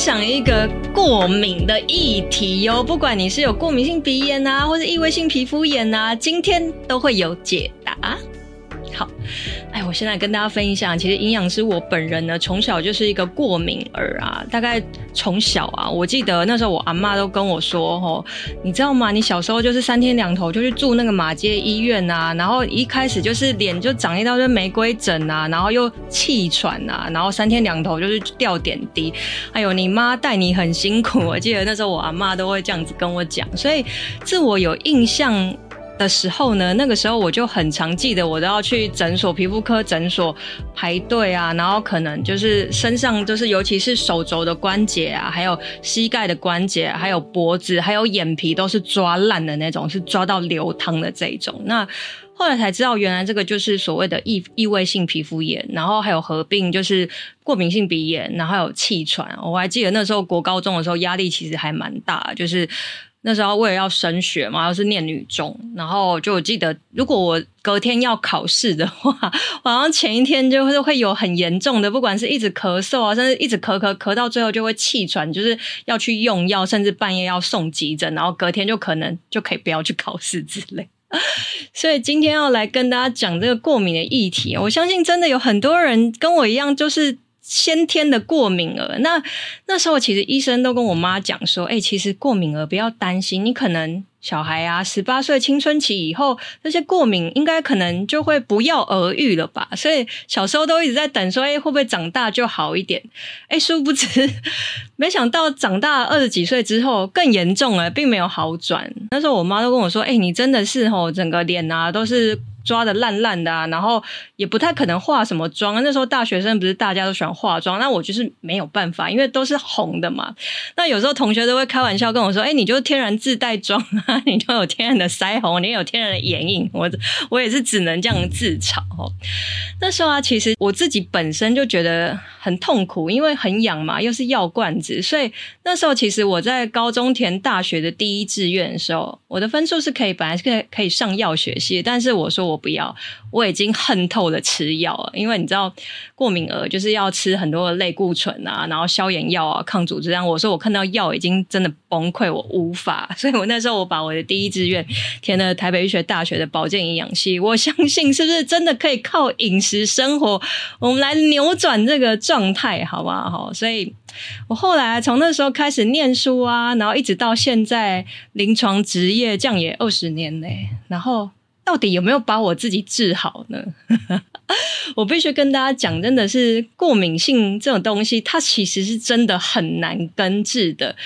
想一個過敏的議題喲，不管你是有過敏性鼻炎吶、啊，或者異位性皮膚炎吶、啊，今天都會有解。好，哎，我現在跟大家分享，其實營養師我本人呢，從小就是一個過敏兒啊。大概從小啊，我記得那時候我阿媽都跟我說，吼，你知道嗎？你小時候就是三天兩頭就去住那個馬偕醫院啊，然後一開始就是臉就長一道就玫瑰疹啊，然後又氣喘啊，然後三天兩頭就是吊點滴。哎呦，你媽帶你很辛苦，我記得那時候我阿媽都會這樣子跟我講，所以自我有印象的時候呢，那個時候我就很常記得，我都要去診所、皮膚科診所排隊啊，然後可能就是身上就是，尤其是手肘的關節啊，還有膝蓋的關節啊，還有脖子，還有眼皮都是抓爛的那種，是抓到流湯的這種。那後來才知道，原來這個就是所謂的異異位性皮膚炎，然後還有合併就是過敏性鼻炎，然後還有氣喘。我還記得那時候國高中的時候，壓力其實還蠻大，就是。那時候為了要升學嘛，又是念女中，然後就我記得，如果我隔天要考試的話，好像前一天就是會有很嚴重的，不管是一直咳嗽啊，甚至一直咳咳咳，到最後就會氣喘，就是要去用藥，甚至半夜要送急診，然後隔天就可能就可以不要去考試之類。所以今天要來跟大家講這個過敏的議題，我相信真的有很多人跟我一樣，就是。先天的過敏兒，那那時候其實醫生都跟我媽講說，哎，其實過敏兒不要擔心，你可能小孩啊，十八歲青春期以後，那些過敏應該可能就會不藥而癒了吧。所以小時候都一直在等，說哎會不會長大就好一點？哎，殊不知，沒想到長大二十幾歲之後更嚴重了，並沒有好轉。那時候我媽都跟我說，哎，你真的是吼，整個臉吶，都是。抓的爛爛的啊，然後也不太可能化什麼妝。那時候大學生不是大家都喜歡化妝？那我就是沒有辦法，因為都是紅的嘛。那有時候同學都會開玩笑跟我說：“哎、欸，你就是天然自帶妝啊，你就有天然的腮紅，你也有天然的眼影。”我我也是只能這樣自嘲。那時候啊，其實我自己本身就覺得。很痛苦，因為很癢嘛，又是藥罐子，所以那時候其實我在高中填大學的第一志願的時候，我的分數是可以，本來是可以，可以上藥學系，但是我說我不要。我已經恨透了吃藥了，因為你知道過敏兒就是要吃很多的類固醇啊，然後消炎藥啊，抗組織胺。我說我看到藥已經真的崩潰，我無法，所以我那時候，我把我的第一志願填了台北醫學大學的保健營養系。我相信是不是真的可以靠飲食生活，我們來扭轉這個狀態，好不好？所以我後來從那時候開始念書啊，然後一直到現在臨床執業這樣也二十年呢。然後。到底有沒有把我自己治好呢？ 我必須跟大家講，真的是過敏性這種東西，它其實是真的很難根治的。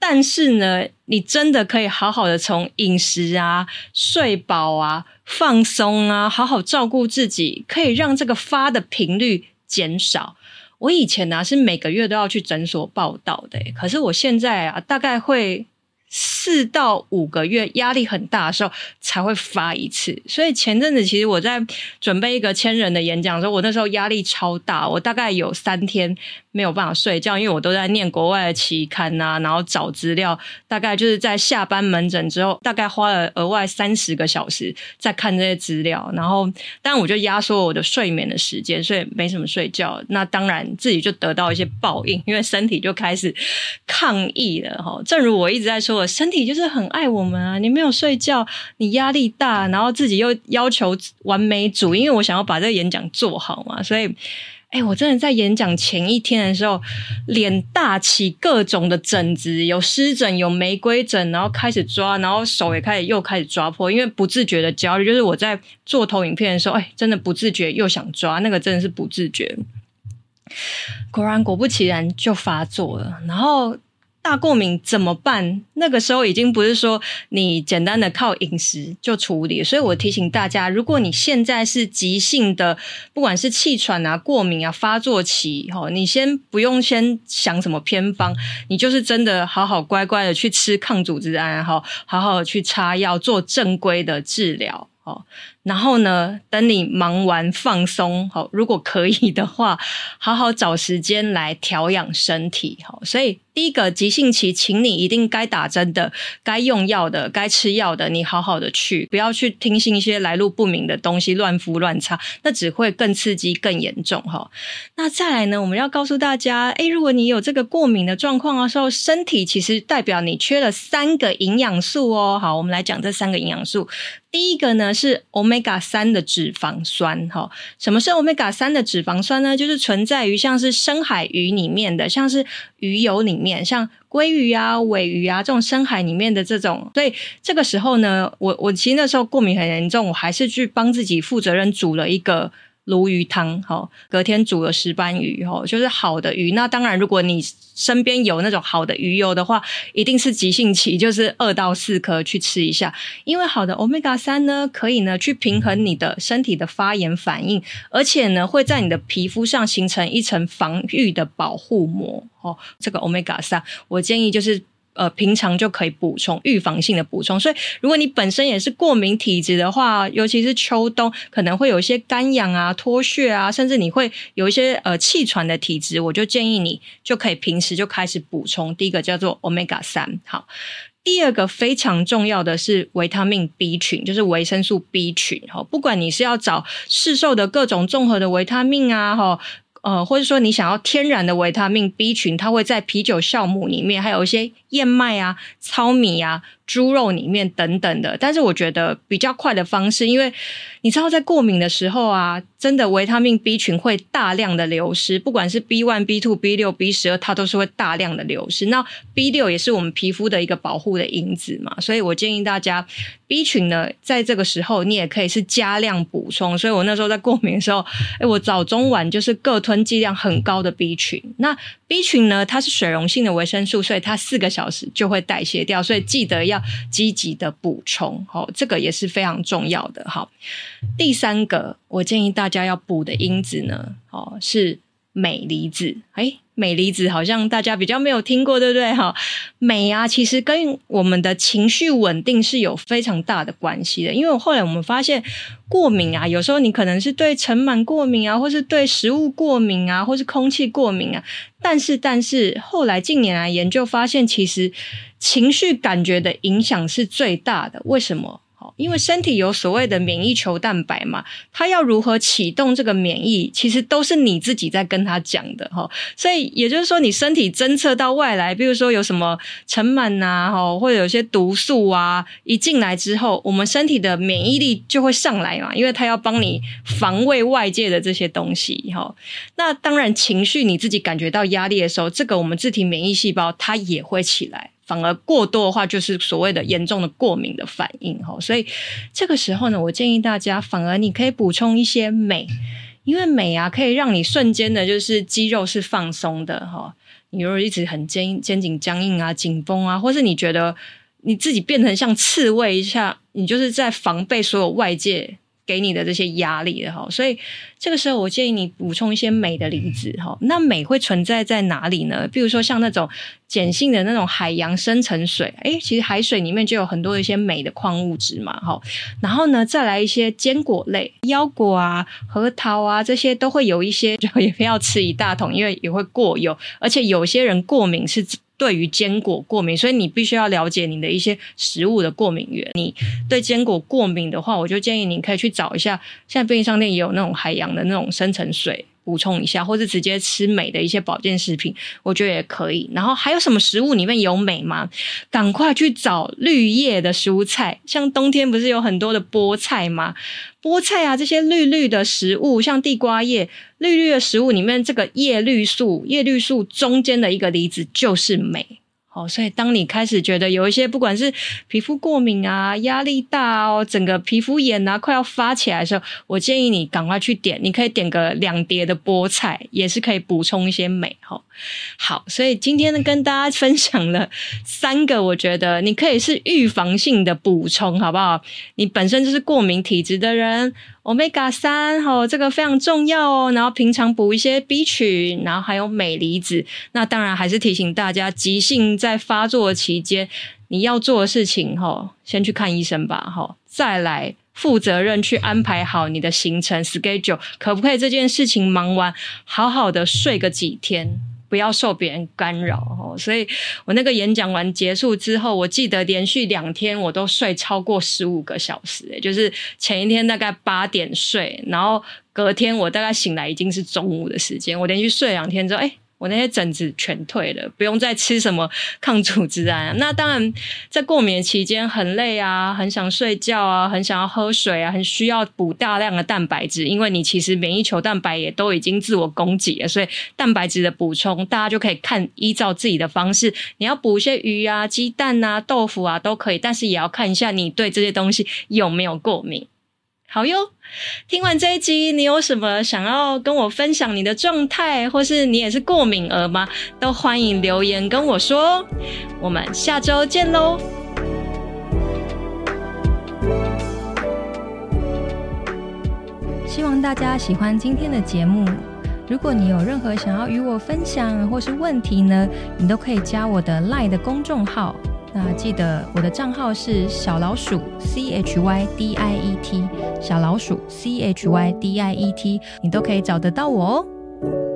但是呢，你真的可以好好的從飲食啊、睡飽啊、放鬆啊，好好照顧自己，可以讓這個發的頻率減少。我以前啊，是每個月都要去診所報到的欸，可是我現在啊，大概會。四到五個月壓力很大的時候才會發一次，所以前陣子其實我在準備一個千人的演講，說我那時候壓力超大，我大概有三天沒有辦法睡覺，因為我都在念國外的期刊啊，然後找資料，大概就是在下班門診之後，大概花了額外三十個小時在看這些資料，然後但我就壓縮我的睡眠的時間，所以沒什麼睡覺，那當然自己就得到一些報應，因為身體就開始抗議了齁，正如我一直在說。我身體就是很愛我們啊！你沒有睡覺，你壓力大，然後自己又要求完美主義，因為我想要把這個演講做好嘛。所以，哎，我真的在演講前一天的時候，臉大起各種的疹子，有濕疹，有玫瑰疹，然後開始抓，然後手也開始又開始抓破，因為不自覺的焦慮。就是我在做投影片的時候，哎，真的不自覺又想抓，那個真的是不自覺。果然，果不其然就發作了，然後。大過敏怎麼辦？那個時候已經不是說你簡單的靠飲食就處理，所以我提醒大家，如果你現在是急性的，不管是氣喘啊、過敏啊、發作期，你先不用先想什麼偏方，你就是真的好好乖乖的去吃抗組織胺，好好的去擦藥，做正規的治療，然後呢，等你忙完放鬆，如果可以的話，好好找時間來調養身體，所以。第一個急性期，請你一定該打針的、該用藥的、該吃藥的，你好好的去，不要去聽信一些來路不明的東西，亂敷亂擦，那只會更刺激、更嚴重哈。那再來呢，我們要告訴大家，哎，如果你有這個過敏的狀況的時候，身體其實代表你缺了三個營養素哦。好，我們來講這三個營養素。第一個呢是 Omega 三的脂肪酸哈。什麼是 Omega 三的脂肪酸呢？就是存在於像是深海魚裡面的，像是魚油裡面。像鮭魚啊、鮪魚啊這種深海裡面的這種，所以這個時候呢，我我其實那時候過敏很嚴重，我還是去幫自己負責任煮了一個。鱸魚湯，吼，隔天煮了石斑魚，吼，就是好的魚。那當然，如果你身邊有那種好的魚油的話，一定是急性期，就是二到四顆去吃一下，因為好的 Omega 三呢，可以呢去平衡你的身體的發炎反應，而且呢會在你的皮膚上形成一層防禦的保護膜。哦，這個 Omega 三，我建議就是。呃，平常就可以補充預防性的補充，所以如果你本身也是過敏體質的話，尤其是秋冬，可能會有一些乾癢啊、脫屑啊，甚至你會有一些呃氣喘的體質，我就建議你就可以平時就開始補充。第一個叫做 Omega 三，好，第二個非常重要的是維他命 B 群，就是維生素 B 群。哈，不管你是要找市售的各種綜合的維他命啊，哈，呃，或者說你想要天然的維他命 B 群，它會在啤酒酵母裡面，還有一些。燕麥啊、糙米啊、豬肉裡面等等的，但是我覺得比較快的方式，因為你知道在過敏的時候啊，真的維他命 B 群會大量的流失，不管是 B one、B two、B 六、B 十二，它都是會大量的流失。那 B 六也是我們皮膚的一個保護的因子嘛，所以我建議大家 B 群呢，在這個時候你也可以是加量補充。所以我那時候在過敏的時候，欸、我早中晚就是各吞劑量很高的 B 群。那 B 群呢，它是水溶性的維生素，所以它四個小時就會代謝掉，所以記得要積極的補充，哦，這個也是非常重要的。好，第三個我建議大家要補的因子呢，哦，是鎂離子，誒。鎂離子好像大家比較沒有聽過，對不對？哈，鎂啊，其實跟我們的情緒穩定是有非常大的關係的。因為我後來我們發現，過敏啊，有時候你可能是對塵蟎過敏啊，或是對食物過敏啊，或是空氣過敏啊。但是，但是後來近年來研究發現，其實情緒感覺的影響是最大的。為什麼？因為身體有所謂的免疫球蛋白嘛，它要如何啟動這個免疫，其實都是你自己在跟它講的哈。所以也就是說，你身體偵測到外來，比如說有什麼塵蟎吶，哈，或者有些毒素啊，一進來之後，我們身體的免疫力就會上來嘛，因為它要幫你防衛外界的這些東西哈。那當然，情緒你自己感覺到壓力的時候，這個我們自體免疫細胞它也會起來。反而過多的話，就是所謂的嚴重的過敏的反應哈。所以這個時候呢，我建議大家，反而你可以補充一些鎂，因為鎂啊，可以讓你瞬間的就是肌肉是放鬆的哈。你如果一直很肩肩頸僵硬啊、緊繃啊，或是你覺得你自己變成像刺蝟一下，你就是在防備所有外界。給你的這些壓力的哈，所以這個時候我建議你補充一些鎂的離子哈。那鎂會存在在哪裡呢？比如說像那種鹼性的那種海洋深層水，誒其實海水裡面就有很多一些鎂的礦物質嘛哈。然後呢，再來一些堅果類，腰果啊、核桃啊這些都會有一些，就也不要吃一大桶，因為也會過油，而且有些人過敏是。對於堅果過敏，所以你必須要了解你的一些食物的過敏源。你對堅果過敏的話，我就建議你可以去找一下，現在便利商店也有那種海洋的那種深層水。補充一下，或者直接吃鎂的一些保健食品，我覺得也可以。然後還有什麼食物裡面有鎂嗎？趕快去找綠葉的蔬菜，像冬天不是有很多的菠菜嗎？菠菜啊，這些綠綠的食物，像地瓜葉，綠綠的食物裡面，這個葉綠素，葉綠素中間的一個離子就是鎂。哦，所以當你開始覺得有一些不管是皮膚過敏啊、壓力大哦、整個皮膚炎啊快要發起來的時候，我建議你趕快去點，你可以點個兩碟的菠菜，也是可以補充一些鎂哈、哦，好，所以今天呢跟大家分享了三個，我覺得你可以是預防性的補充，好不好？你本身就是過敏體質的人。Omega 三，吼，這個非常重要哦。然後平常補一些 B 群，然後還有鎂離子。那當然還是提醒大家，急性在發作的期間，你要做的事情，吼，先去看醫生吧，吼，再來負責任去安排好你的行程 schedule，可不可以？這件事情忙完，好好的睡個幾天。不要受別人干擾哦，所以我那個演講完結束之後，我記得連續兩天我都睡超過十五個小時，誒，就是前一天大概八點睡，然後隔天我大概醒來已經是中午的時間，我連續睡兩天之後，誒我那些疹子全退了，不用再吃什麼抗組織胺。那當然，在過敏期間很累啊，很想睡覺啊，很想要喝水啊，很需要補大量的蛋白質，因為你其實免疫球蛋白也都已經自我供給了，所以蛋白質的補充，大家就可以看依照自己的方式，你要補一些魚啊、雞蛋啊、豆腐啊都可以，但是也要看一下你對這些東西有沒有過敏。好喲，聽完這一集，你有什麼想要跟我分享你的狀態，或是你也是過敏兒嗎？都歡迎留言跟我說，我們下週見嘍！希望大家喜歡今天的節目。如果你有任何想要與我分享或是問題呢，你都可以加我的 LINE 的公眾號。那、啊、記得我的賬號是小老鼠 C H Y D I E T，小老鼠 C H Y D I E T，你都可以找得到我哦。